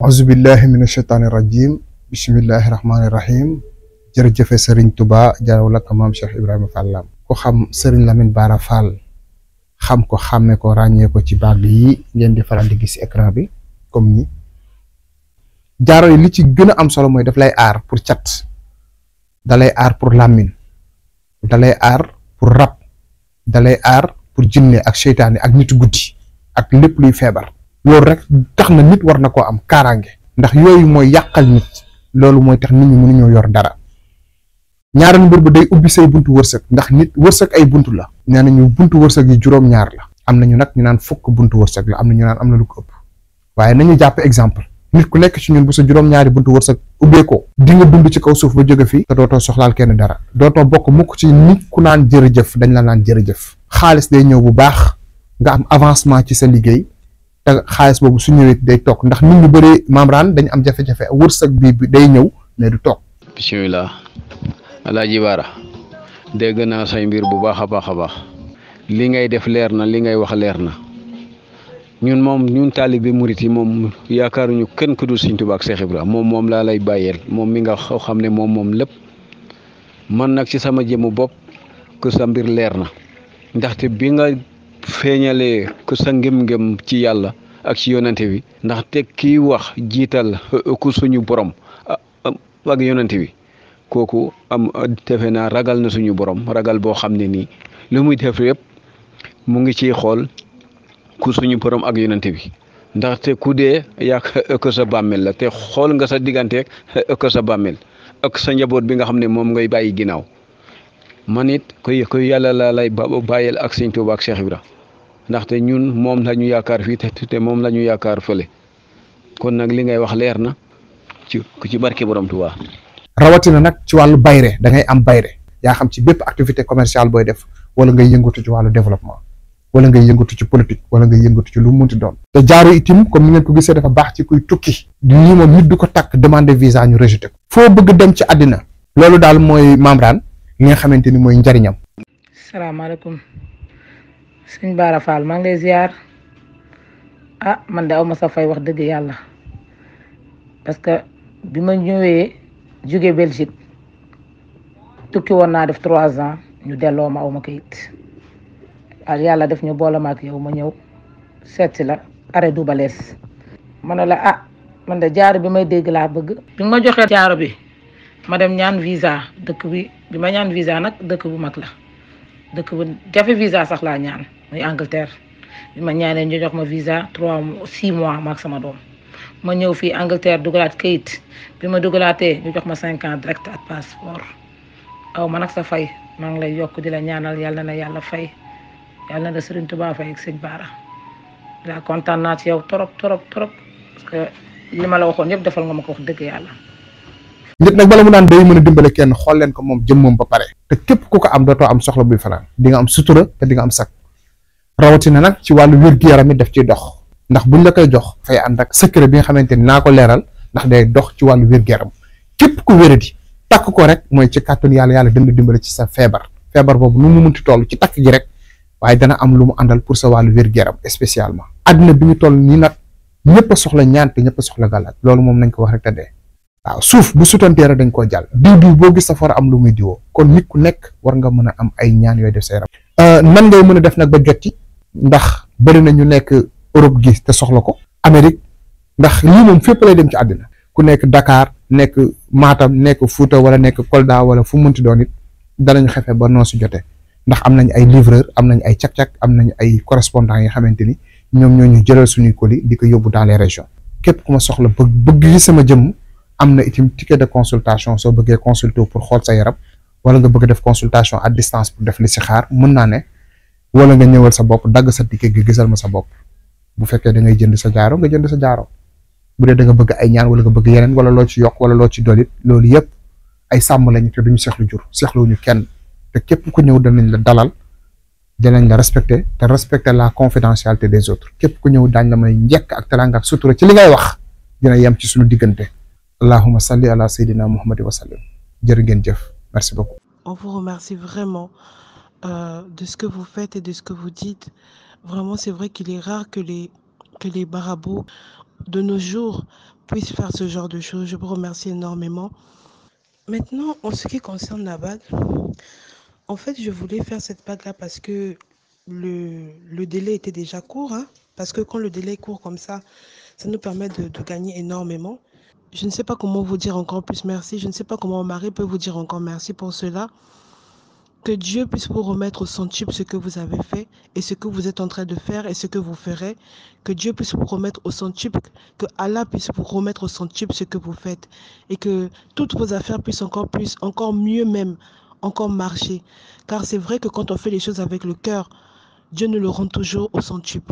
auzubillahi mina shaytaani rajim bismillahi rahmaani rahim jërëjëfe sëriñ Tuba jaaraw la ko maam Cheikh Ibrahima Fall ko xam sëriñ Lamine Bara Fall xam ko xàmme ko ràññeeko ko ci baag yi ngeen di faral di gis écran bi comme ni jaaro yi li ci gën a am solo mooy daf lay aar pour cat dalay aar pour làmmiñ dalay lay aar pour rab da aar pour jinne ak seytaane ak nitu guddi ak lépp luy feebar loolu rek tax na nit war na am karange ndax yooyu mooy yàqal nit loolu mooy tax nit ñi ñoo yor dara ñaareelu mbir ba day ubbi say buntu wërsëg ndax nit wërsëg ay buntu la nee nañu buntu wërsëg yi juróom-ñaar la am nañu nag ñu naan fukk buntu wërsëg la am na naan am na lu ko ëpp waaye nañu jàpp exemple nit ku nekk ci ñun bu sa juróom-ñaari buntu wërsëg ko di nga dund ci kaw suuf ba jóge fi te dootoo soxlaal kenn dara dootoo bokk mukk ci nit ku naan jërëjëf dañ la naan jërëjëf xaalis day ñëw bu baax nga am avancement ci sa liggéey te xaalis boobu su ñëwee day toog ndax nit ñu bëri membrane dañ am jafe-jafe wërsëg bi bi day ñëw mais du toog. bisimilah alaaji baara dégg naa say mbir bu baax a baax a baax li ngay def leer na li ngay wax leer na ñun moom ñun taalibe murit yi moom yaakaaruñu kenn ku dul Sëñ Tuubaa ak Seex Ibra moom moom laa lay bàyyeel moom mi nga xam ne moom moom lépp man nag ci sama jëmu bopp ku mbir leer na ndaxte bi nga feeñalee ku sa ngëm-ngëm ci yàlla ak ci yonente bi ndax te kii wax jiital ku suñu borom ak ah, ah, yonente bi kooku am defe naa ragal na suñu borom ragal boo xam ne nii lu muy def yëpp mu ngi ci xool ku suñu borom ak yonente bi ndaxte ku dee yàq ko sa bàmmeel la te xool nga sa digganteeg ko sa bàmmeel ak sa njaboot bi nga xam ne moom ngay bàyyi ginnaaw man it koy koy yàlla la lay bàyyil ak sëñ Tuuba ak Cheikh Ibra ndaxte ñun moom la ñu yaakaar fii te te moom la ñu yaakaar fële kon nag li ngay wax leer na ci ku ci barke borom waa rawatina nag ci wàllu bayre da ngay am bayre yaa xam ci bépp activité commerciale booy def wala ngay yëngatu ci wàllu développement wala ngay yëngatu ci politique wala ngay yëngatu ci lu munti doon te jaaro itim comme ni ngeen ko gisee dafa baax ci kuy tukki lii moom nit du ko takk demande visa ñu rejeté ko foo bëgg dem ci àddina loolu daal mooy membrane li nga xamante ni mooy njariñam salaamaaleykum sëñ Bara Fall ma ngi ziar ah man de awma sa fay wax deug yalla parce que bima ñëwé ñëwee Belgique tukki woon naa def 3 ans ñu delloo ma awma kayit ak yalla def ñu bolama ak yow ma ñëw la arrêt du balees la ah man de jaar bi may dégg la bëgg bi ma joxé jaar bi ma dem ñaan visa dëkk bi bima ñaan visa nak dëkk bu mak la dëkk bu jafé visa sax la ñaan muy Angleterre bi ma ñaanee ñu jox ma visa trois six mois maak sama doom ma ñëw fii Angleterre dugalaat kayit bi ma dugalaatee ñu jox ma cinq ans direct ak passeport aw ma nag sa fay maa ngi lay yokk di la ñaanal yàlla na yàlla fay yàlla na Serigne Touba fay ak sëñ Baara daa kontaan naa ci trop trop trop parce que li ma la waxoon yëpp defal nga ma ko wax dëgg yàlla. nit nag bala mu naan day mën a dimbale kenn xool leen ko moom jëmmam ba pare te ku ko am dootoo am soxla buy fanaan di nga am sutura te di am sakk. rawatina nak ci walu wér-gu-yaram def ci dox ndax buñ la koy jox fay ànd ak secret bi nga xamanteni nako leral ndax day dox ci walu wér-gu-yaram kep ku wéradi tak ko rek moy ci kàttun yalla yalla dina dimbale ci sa febar febar bobu nu mu munti tollu ci tak gi rek waye dana am lu mu andal pour sa walu wér-gu-yaram spécialement adna bi ñu toll ni nak ñepp soxla ñaan te ñëpp soxla galat lolu mom nañ ko wax rek te waaw suuf bu sutanteere dañ ko jall diw diw bo gis for am lu muy diwo kon nit ku nek war nga mëna am ay ñaan yoy def sa yaram euh, nan nga mëna def nak ba jotti ndax bëri na ñu nekk Europe gi te soxla ko Amérique ndax lii moom fépp lay dem ci àddina ku nekk dakaar nekk Matam nekk Fouta wala nekk Kolda wala fu ti doon it danañ xefe ba noo si jotee ndax am nañ ay livreur am nañ ay cak-cak am nañ ay correspondant yi nga xamante ni ñoom ñoo ñu jëlal suñuy colis di ko yóbbu dans les régions képp ku ma soxla bëgg bëgg sama jëmm am na itam ticket de consultation soo bëggee consulter pour xool sa yaram wala nga bëgg def consultation à distance def li si xaar mën naa ne wala nga ñëwël sa bop dag sa ticket gi ma sa bop bu fekkee da ngay jënd sa jaaro nga jënd sa jaaro bu dé da nga bëgg ay ñaan wala nga bëgg yenen wala lo ci yok wala lo ci dolit loolu yépp ay sam lañu té duñu seexlu jur kenn té képp ku ñëw dañ la dalal danañ la respecté té respecté la confidentialité des autres képp ku ñëw dañ la may ñëk ak sutura ci li ngay wax dina yam ci suñu digënté allahumma salli ala sayidina muhammad wa sallam jërëngën jëf merci beaucoup on vous remercie vraiment Euh, de ce que vous faites et de ce que vous dites. Vraiment, c'est vrai qu'il est rare que les, que les de nos jours puissent faire ce genre de choses. Je vous remercie énormément. Maintenant, en ce qui concerne la bague, en fait, je voulais faire cette bague-là parce que le, délai était déjà court. Hein. parce que quand le délai est court comme ça, ça nous permet de, gagner énormément. Je ne sais pas comment vous dire encore plus merci. Je ne sais pas comment Marie peut vous dire encore merci pour cela. Que Dieu puisse vous remettre au centuple ce que vous avez fait et ce que vous êtes en train de faire et ce que vous ferez. Que Dieu puisse vous remettre au centuple, que Allah puisse vous remettre au centuple ce que vous faites et que toutes vos affaires puissent encore plus, encore mieux même, encore marcher. Car c'est vrai que quand on fait les choses avec le cœur, Dieu ne le rend toujours au centuple.